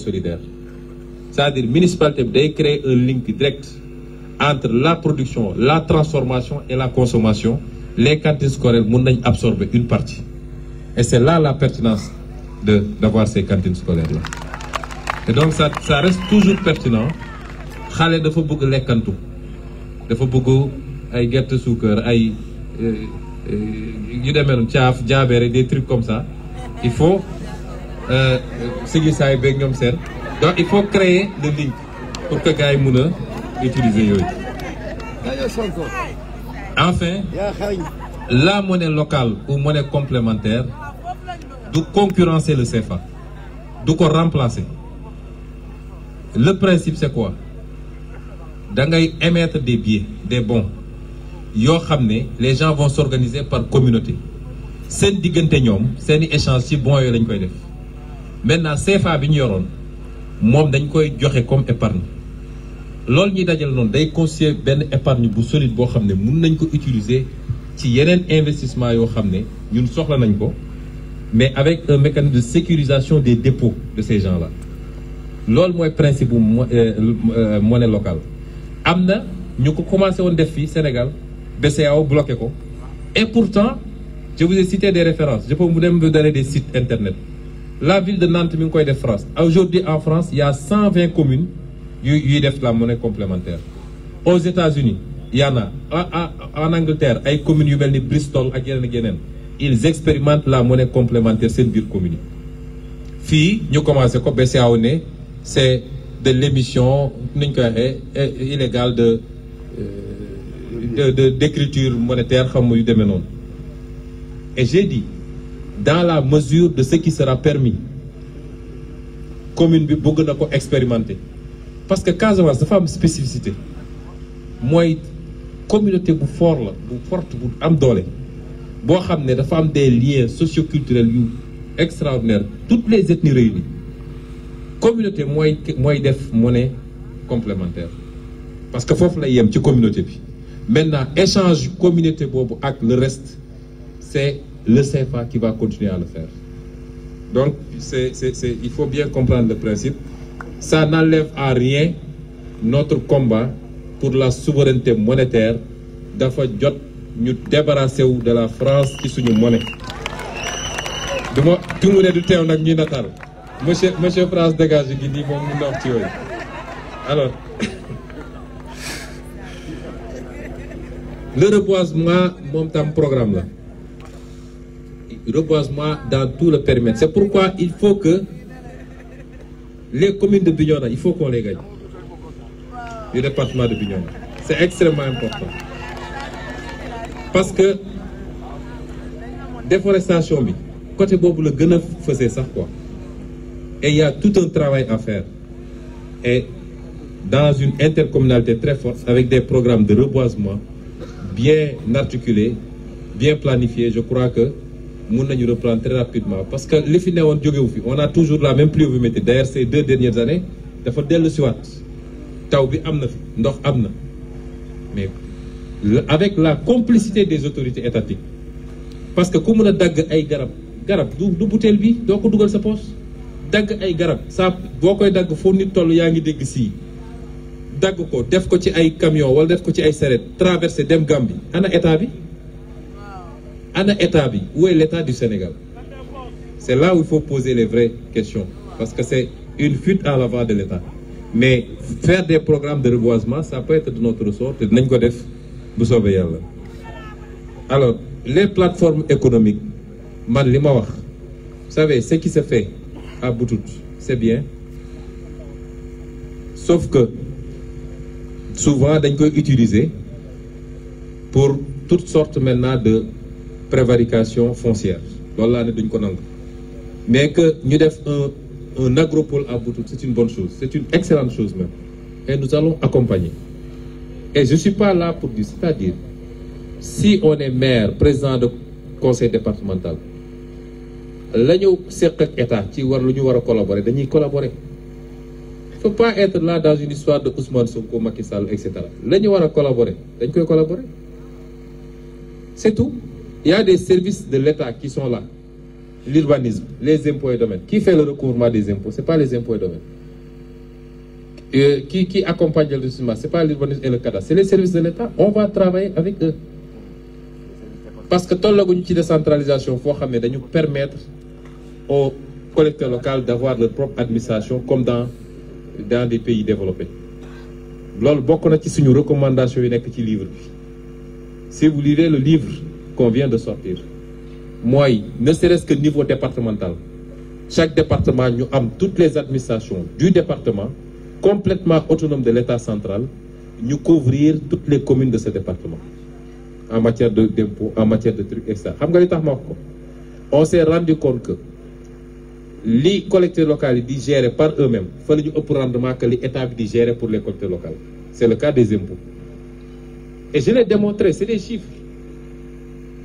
solidaire. C'est-à-dire, municipalité doit créer un link direct entre la production, la transformation et la consommation. Les cantines scolaires vont absorber une partie. Et c'est là la pertinence d'avoir ces cantines scolaires-là. Et donc, ça, ça, reste toujours pertinent. faut dafa bëgg lekkantu dafa bëgg ay gerte suukar ay euh, euh, yu demee noonu caaf jaabeere des trucs comme ça il faut euh, euh, donc il faut créer le link pour que les gens Utilisent utiliser enfin la monnaie locale ou monnaie complémentaire doit concurrencer le CFA donc remplacer le principe c'est quoi Dans les émettre des billets des bons les gens vont s'organiser par communauté C'est une échange ci bons et maintenant CFA bi ñu yoroon moom dañ koy joxe comme épargne loolu ñi dajal non day constituer ben épargne bu solide bo xamné mën nañ ko utiliser ci yenen investissement yo xamné ñun soxla nañ ko mais avec un mécanisme de sécurisation des dépôts de ces gens là C'est moy principe euh, euh, monnaie locale amna ñu ko commencé won def fi Sénégal BCEAO bloqué ko et pourtant je vous ai cité des références je peux vous donner des sites internet la ville de Nantes c'est koy France aujourd'hui en France il y a 120 communes qui ont la monnaie complémentaire aux États-Unis il y en a en Angleterre y communes des Bristol ils expérimentent la monnaie complémentaire une ville commune Ici, nous commençons à ko c'est de l'émission illégale euh, de de d'écriture monétaire comme et j'ai dit dans la mesure de ce qui sera permis commune bi bëgg expérimenter parce que Casamance c'est une spécificité mooy communauté bu forte bu am doole boo xam des liens socioculturels extraordinaires toutes les ethnies réunies communauté moi mooy def monnaie complémentaire parce que faut lay une ci communauté bi maintenant échange communauté avec le reste c'est le CFA qui va continuer à le faire. Donc, c'est, c'est, il faut bien comprendre le principe. Ça n'enlève à rien notre combat pour la souveraineté monétaire dafa nous ñu débarrasser de la France qui une monnaie. Tout le tout ne du monsieur monsieur France dégage vous nii moom alors le reboisement mon programme là reboisement dans tout le périmètre. C'est pourquoi il faut que les communes de Bignona, il faut qu'on les gagne. le département de Bignona. C'est extrêmement important. Parce que déforestation, côté Bob le Gueneuf faisait ça quoi. Et il y a tout un travail à faire. Et dans une intercommunalité très forte, avec des programmes de reboisement bien articulés, bien planifiés, je crois que mun nañu reprendre très rapidement parce que li fi newoon jógewu fi on a toujours la même pluviométrie d'ailleurs ces deux dernières années dafa dellu siwaat taw bi am na donc ndox mais avec la complicité des autorités étatiques parce que ku mun a dagg ay garab garab du du butéel bi donc ko dugal sa poche dagg ay garab ça boo koy dagg foo nit toll yaa ngi dégg sii dagg ko def ko ci ay camion wala def ko ci ay saret traverser dem Gambie ana état bi où est l'état du Sénégal c'est là où il faut poser les vraies questions parce que c'est une fuite à l'avant de l'état mais faire des programmes de reboisement ça peut être de notre sorte alors les plateformes économiques man vous savez ce qui se fait à Boutout c'est bien sauf que souvent d'un koy utiliser pour toutes sortes maintenant de prévarication foncière Voilà nous ne mais que nous def un un agropole à Boutou c'est une bonne chose c'est une excellente chose même et nous allons accompagner et je ne suis pas là pour dire c'est-à-dire si on est maire président du conseil départemental nous, ñu état collaborer Il collaborer faut pas être là dans une histoire de Ousmane Sonko Macky etc. et cetera collaborer collaborer c'est tout il y a des services de l'État qui sont là. L'urbanisme, les impôts et domaines. Qui fait le recouvrement des impôts Ce n'est pas les impôts et domaines. qui, accompagne le recouvrement Ce n'est pas l'urbanisme et le cadastre. C'est les services de l'État. On va travailler avec eux. Parce que tout le tant la décentralisation, il faut permettre aux collecteurs locaux d'avoir leur propre administration comme dans, dans des pays développés. C'est que nous recommandation un petit livre. Si vous lirez le livre, vient de sortir Moi, ne serait-ce que niveau départemental chaque département nous am toutes les administrations du département complètement autonome de l'État central nous couvrir toutes les communes de ce département en matière de d'impôts en matière de trucs et ça on s'est rendu compte que les collecteurs locales digéré par eux-mêmes Faut ñu que l'État état pour les collectivités locales c'est le cas des impôts et je l'ai démontré c'est des chiffres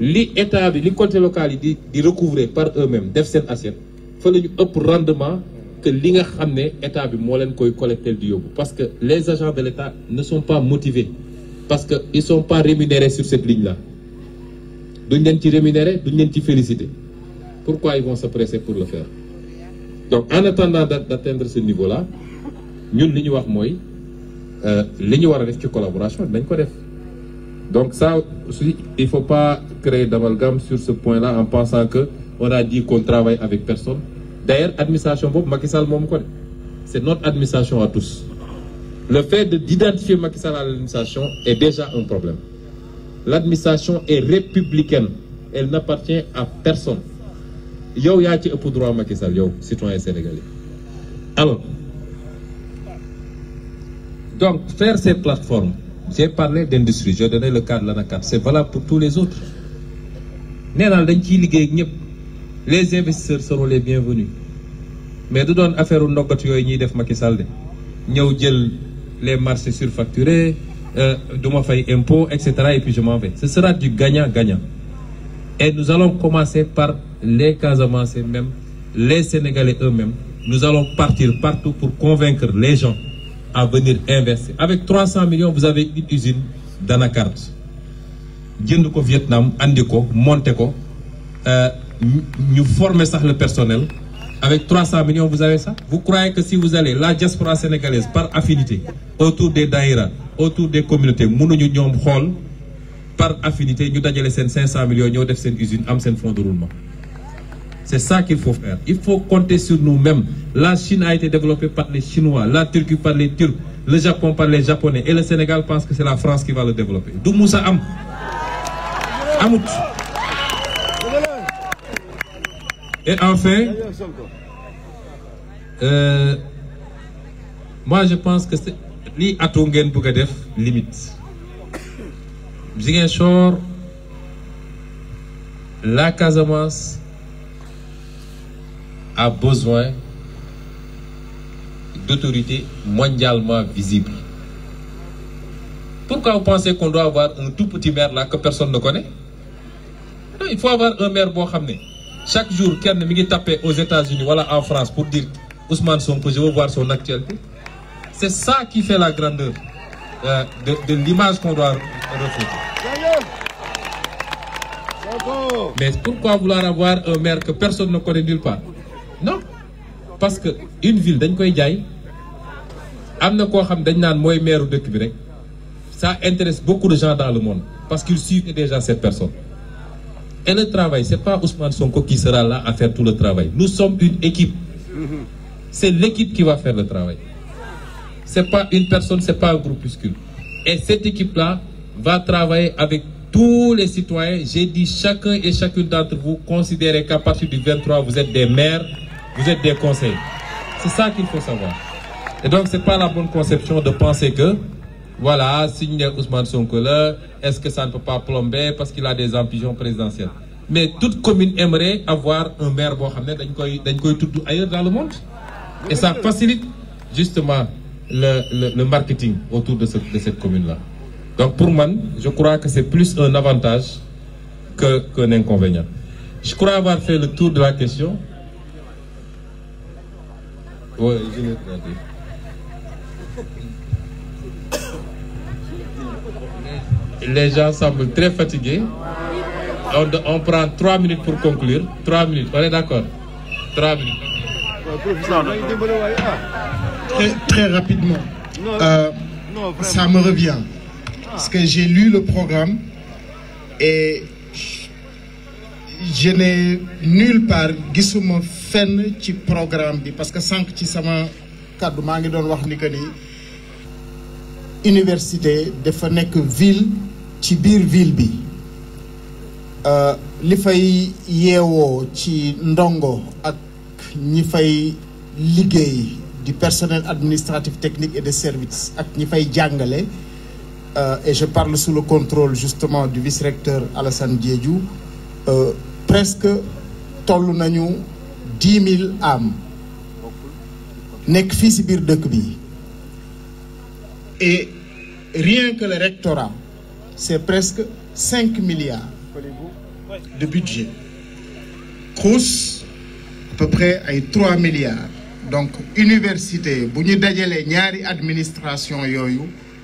l'État, état les li locaux, locales yi par eux-mêmes def cette assiette Faut ñu ëpp rendement que l'État nga collecté ne état parce que les agents de l'état ne sont pas motivés parce qu'ils ne sont pas rémunérés sur cette ligne là sont pas rémunérés Ils ne sont pas félicités pourquoi ils vont se presser pour le faire donc en attendant d'atteindre ce niveau là Nous, allons ñu wax mooy euh, collaboration dañ ko donc ça il ne faut pas créer d'amalgame sur ce point-là en pensant qu'on a dit qu'on travaille avec personne. D'ailleurs, l'administration Bob, c'est notre administration à tous. Le fait d'identifier Macky à l'administration est déjà un problème. L'administration est républicaine. Elle n'appartient à personne. Yo, y a droit Macky Sall, citoyen sénégalais. Alors, donc, faire cette plateforme. J'ai parlé d'industrie, j'ai donné le cas de l'ANACAP. C'est valable pour tous les autres. Les investisseurs seront les bienvenus. Mais nous avons affaire au Nogot Yoyi Def Makisal. Nous les marchés surfacturés, nous euh, avons ma des impôts, etc. Et puis je m'en vais. Ce sera du gagnant-gagnant. Et nous allons commencer par les Casamancés même, les Sénégalais eux-mêmes. Nous allons partir partout pour convaincre les gens à venir inverser. avec 300 millions vous avez une usine la carte. au Vietnam andi ko monter ko euh, ñu le personnel avec 300 millions vous avez ça vous croyez que si vous allez la diaspora sénégalaise par affinité autour des daïras, autour des communautés nyom par affinité nous avons 500 millions nous def une usine am fonds de roulement c'est ça qu'il faut faire. Il faut compter sur nous-mêmes. La Chine a été développée par les Chinois, la Turquie par les Turcs, le Japon par les Japonais et le Sénégal pense que c'est la France qui va le développer. D'où Moussa Am. Amout. Et enfin, euh, moi je pense que c'est li atongen Bougadef limite. Ziguinchor, la Casamance, a besoin d'autorité mondialement visible. Pourquoi vous pensez qu'on doit avoir un tout petit maire là que personne ne connaît Il faut avoir un maire bon Chaque jour, quelqu'un qui tapé aux États-Unis voilà, en France pour dire Ousmane Sonko, je veux voir son actualité. C'est ça qui fait la grandeur euh, de, de l'image qu'on doit recevoir. Mais pourquoi vouloir avoir un maire que personne ne connaît nulle part non parce que une ville maire ça intéresse beaucoup de gens dans le monde parce qu'ils suivent déjà cette personne et le travail c'est pas Ousmane Sonko qui sera là à faire tout le travail nous sommes une équipe c'est l'équipe qui va faire le travail c'est pas une personne c'est pas un groupuscule et cette équipe là va travailler avec tous les citoyens j'ai dit chacun et chacune d'entre vous considérez qu'à partir du 23 vous êtes des maires vous êtes des conseils. C'est ça qu'il faut savoir. Et donc, ce n'est pas la bonne conception de penser que, voilà, signer Ousmane Sonko est-ce que ça ne peut pas plomber parce qu'il a des ambitions présidentielles Mais toute commune aimerait avoir un maire Mohamed tout ailleurs dans le monde. Et ça facilite justement le, le, marketing autour de, de cette commune-là. Donc pour moi, je crois que c'est plus un avantage qu'un inconvénient. Je crois avoir fait le tour de la question. Les gens semblent très fatigués. On, prend trois minutes pour conclure. Trois minutes, on est d'accord Trois minutes. Très, rapidement. Euh, ça me revient. Parce que j'ai lu le programme et je n'ai nulle part, fils fenn ci programme bi parce que sank ci sama kàddu maa ngi doon wax ni que ni université dafa nekk ville ci biir ville bi euh, li fay yeewoo ci ndongo ak ñi fay liggéey du personnel administratif technique et de services ak ñi fay jàngale euh, et je parle sous le contrôle justement du vice-recteur Alassane Diédhiou euh, presque toll nañu 10 000 âmes. Et rien que le rectorat, c'est presque 5 milliards de budget. Cous, à peu près 3 milliards. Donc, université, si administration,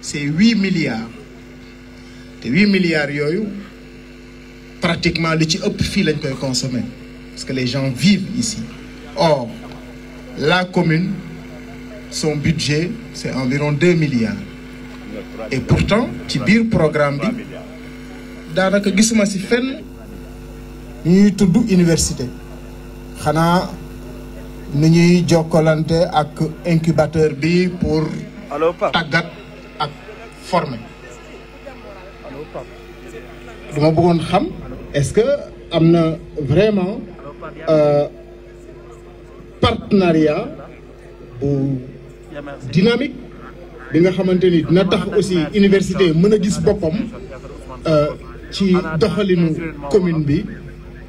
c'est 8 milliards. 8 milliards, pratiquement, le fil consommer parce que les gens vivent ici. Or, la commune, son budget, c'est environ 2 milliards. Et pourtant, ci le programme dans le gisuma ci fenn ñuy une université xanaa ni ñuy un incubateur pour former est-ce que nous vraiment euh, partenariat bu dynamique bi nga xamanteni dina tax aussi université mëna qui est euh ci doxalinu commune bi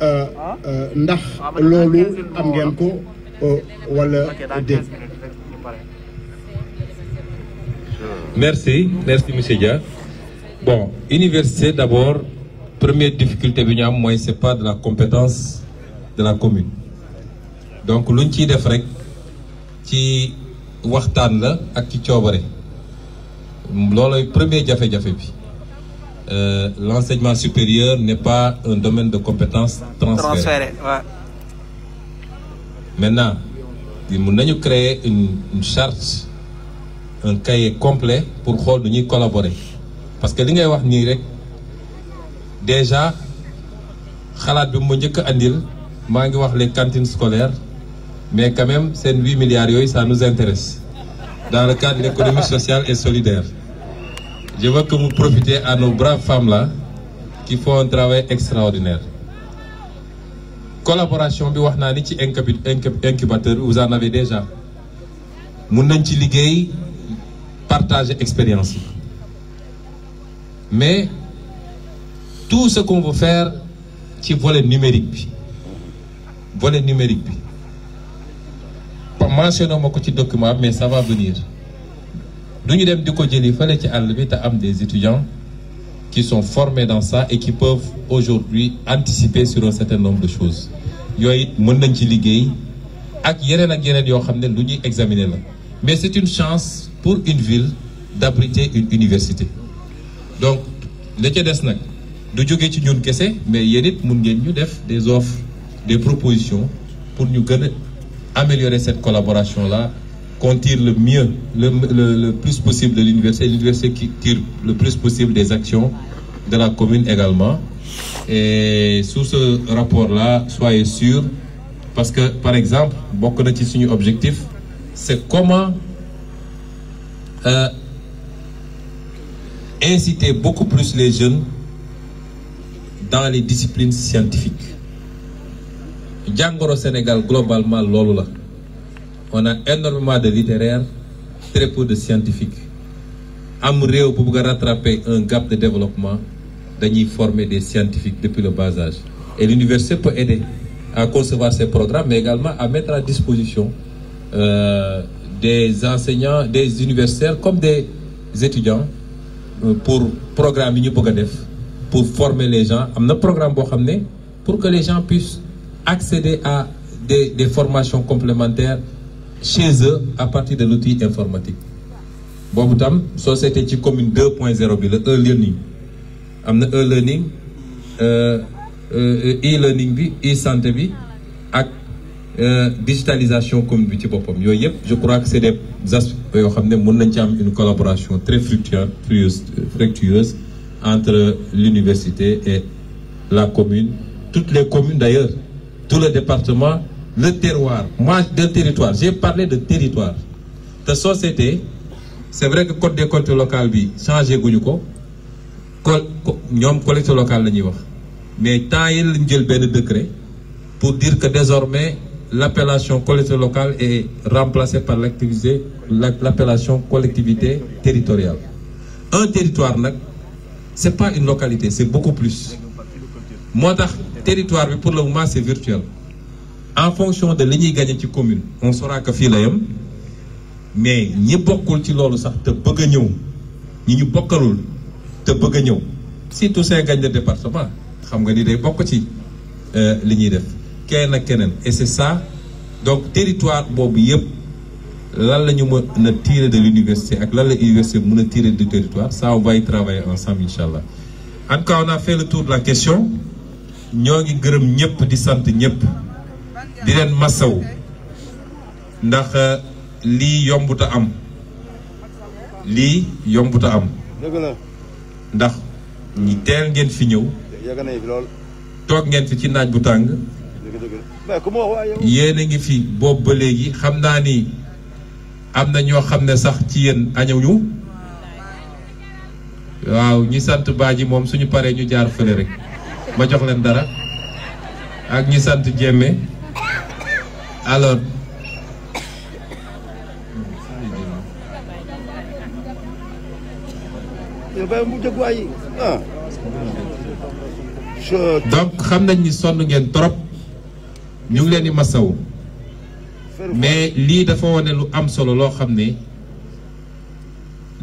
euh, euh, ndax lolu am ngeen ko wala déet. merci merci monsieur Dia bon université d'abord première difficulté c'est pas de la compétence de la commune donc l'un ciy def qui ci waxtaan premier jafé jafé. Euh, l'enseignement supérieur n'est pas un domaine de compétence transféré maintenant nous avons créé une charte un cahier complet pour que collaborer parce que li ngay wax déjà xalaat bi mu mangi wax les cantines scolaires mais quand même c'est 8 milliards ça nous intéresse dans le cadre de l'économie sociale et solidaire je veux que vous profitez à nos braves femmes là qui font un travail extraordinaire collaboration bi ni incubateur vous en avez déjà Nous nañ ci l'expérience. expérience mais tout ce qu'on veut faire ci volet numérique volet numérique Pas mentionnant mon document mais ça va venir nous avons dit qu'il fallait jëli des étudiants qui sont formés dans ça et qui peuvent aujourd'hui anticiper sur un certain nombre de choses nous avons dit ci examiner mais c'est une chance pour une ville d'abriter une université donc nous avons des nag du des offres des propositions pour nous améliorer cette collaboration-là qu'on tire le mieux, le, plus possible de l'université, l'université qui tire le plus possible des actions de la commune également. Et sous ce rapport-là, soyez sûr parce que, par exemple, beaucoup de objectif c'est comment euh, inciter beaucoup plus les jeunes dans les disciplines scientifiques djangoro Sénégal globalement on a énormément de littéraires très peu de scientifiques am pour rattraper un gap de développement faut former des scientifiques depuis le bas âge et l'université peut aider à concevoir ces programmes mais également à mettre à disposition euh, des enseignants des universitaires comme des étudiants euh, pour programme pour former les gens programme pour que les gens puissent accéder à des, formations complémentaires chez eux à partir de l'outil informatique vous société sur cette ci commune 2.0, le e-learning e-learning euh, euh, e-learning e-santé bi euh, digitalisation commune bi ci je crois que c'est des aspects une collaboration très fructueuse entre l'université et la commune toutes les communes d'ailleurs tout le département, le terroir. Moi, de territoire, j'ai parlé de territoire. De société, c'est vrai que code des comptes local, changé Gounouko, nous collecte locale. Mais il y a un décret pour dire que désormais, l'appellation collecte locale est remplacée par l'appellation collectivité territoriale. Un territoire, c'est pas une localité, c'est beaucoup plus. Moi, territoire pour le moment c'est virtuel en fonction de li ñuy gagné ci commune on saura que fii la mais ñi a ci de sax te bëgg a ñëw ñi ñu bokkalul te bëgg a ñëw de Toussaint Si le département xam nga ni day bokk ci sont euh, qu'elle def kenn et c'est ça donc territoire boobu là lan nous ñu de l'université ak lan la université tirer du territoire ça on va y travailler ensemble Inch'Allah. en tout cas on a fait le tour de la question ñoo ngi gërëm ñépp di sant ñëpp di leen masaw ndax euh, lii yombut am lii yombut a am ndax ñi teel ngeen fi ñëw toog ngeen fi ci naaj bu tàng yéen a ngi fi boobu ba léegi xam naa ni am na ñoo xam ne sax ci yéen añuñu waaw ñi sant baa baaji moom suñu paree ñu jaar fële rek ma jox leen dara ak ñi sant Jéeme alors ah. donc xam nañ sonn ngeen trop ñu ngi leen yi masawu mais lii dafa wane lu am solo loo xam ne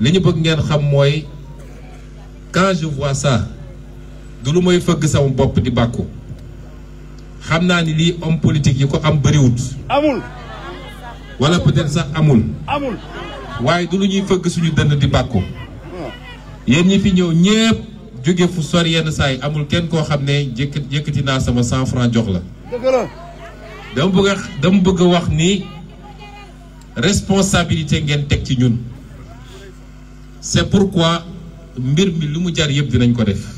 li ñu bëgg ngeen xam mooy quand je vois du lu moy feug sama bopp di bakku xamna ni li homme politique yi ko am wut amul wala peut-être sax amul amul waaye du lu ñuy feug suñu dënd di bakku ah. yeen ñi fi ñew ñepp joge fu sori yenn say amul kenn ko xamne ne na sama 100 francs jox la dama bëgg dama bëgg wax ni responsabilité ngeen tek ci ñun c'est pourquoi mbir mi lu mu jaar yëpp dinañ ko def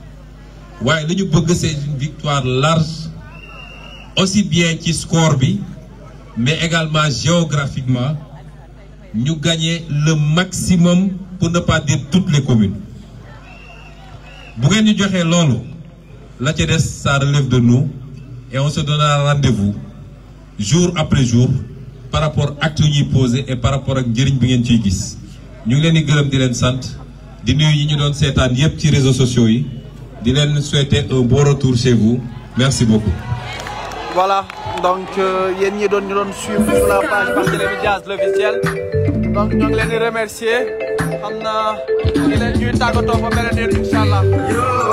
Oui, nous ñu c'est une victoire large aussi bien qui score mais également géographiquement nous gagner le maximum pour ne pas dire toutes les communes bu ngeen ñu la TNS ça relève de nous et on se un rendez-vous jour après jour par rapport à qui est posé et par rapport à la bi ngeen ciy avons nous réseaux sociaux Dylan, leen souhaiter un bon retour chez vous merci beaucoup. voilà donc euh, yéen ni donne nous doon suivre sur la page Barthélémy Dias l'officiel donc nous ngi les remercier xam Dylan, di leen ñuy tàggatoo ba beneen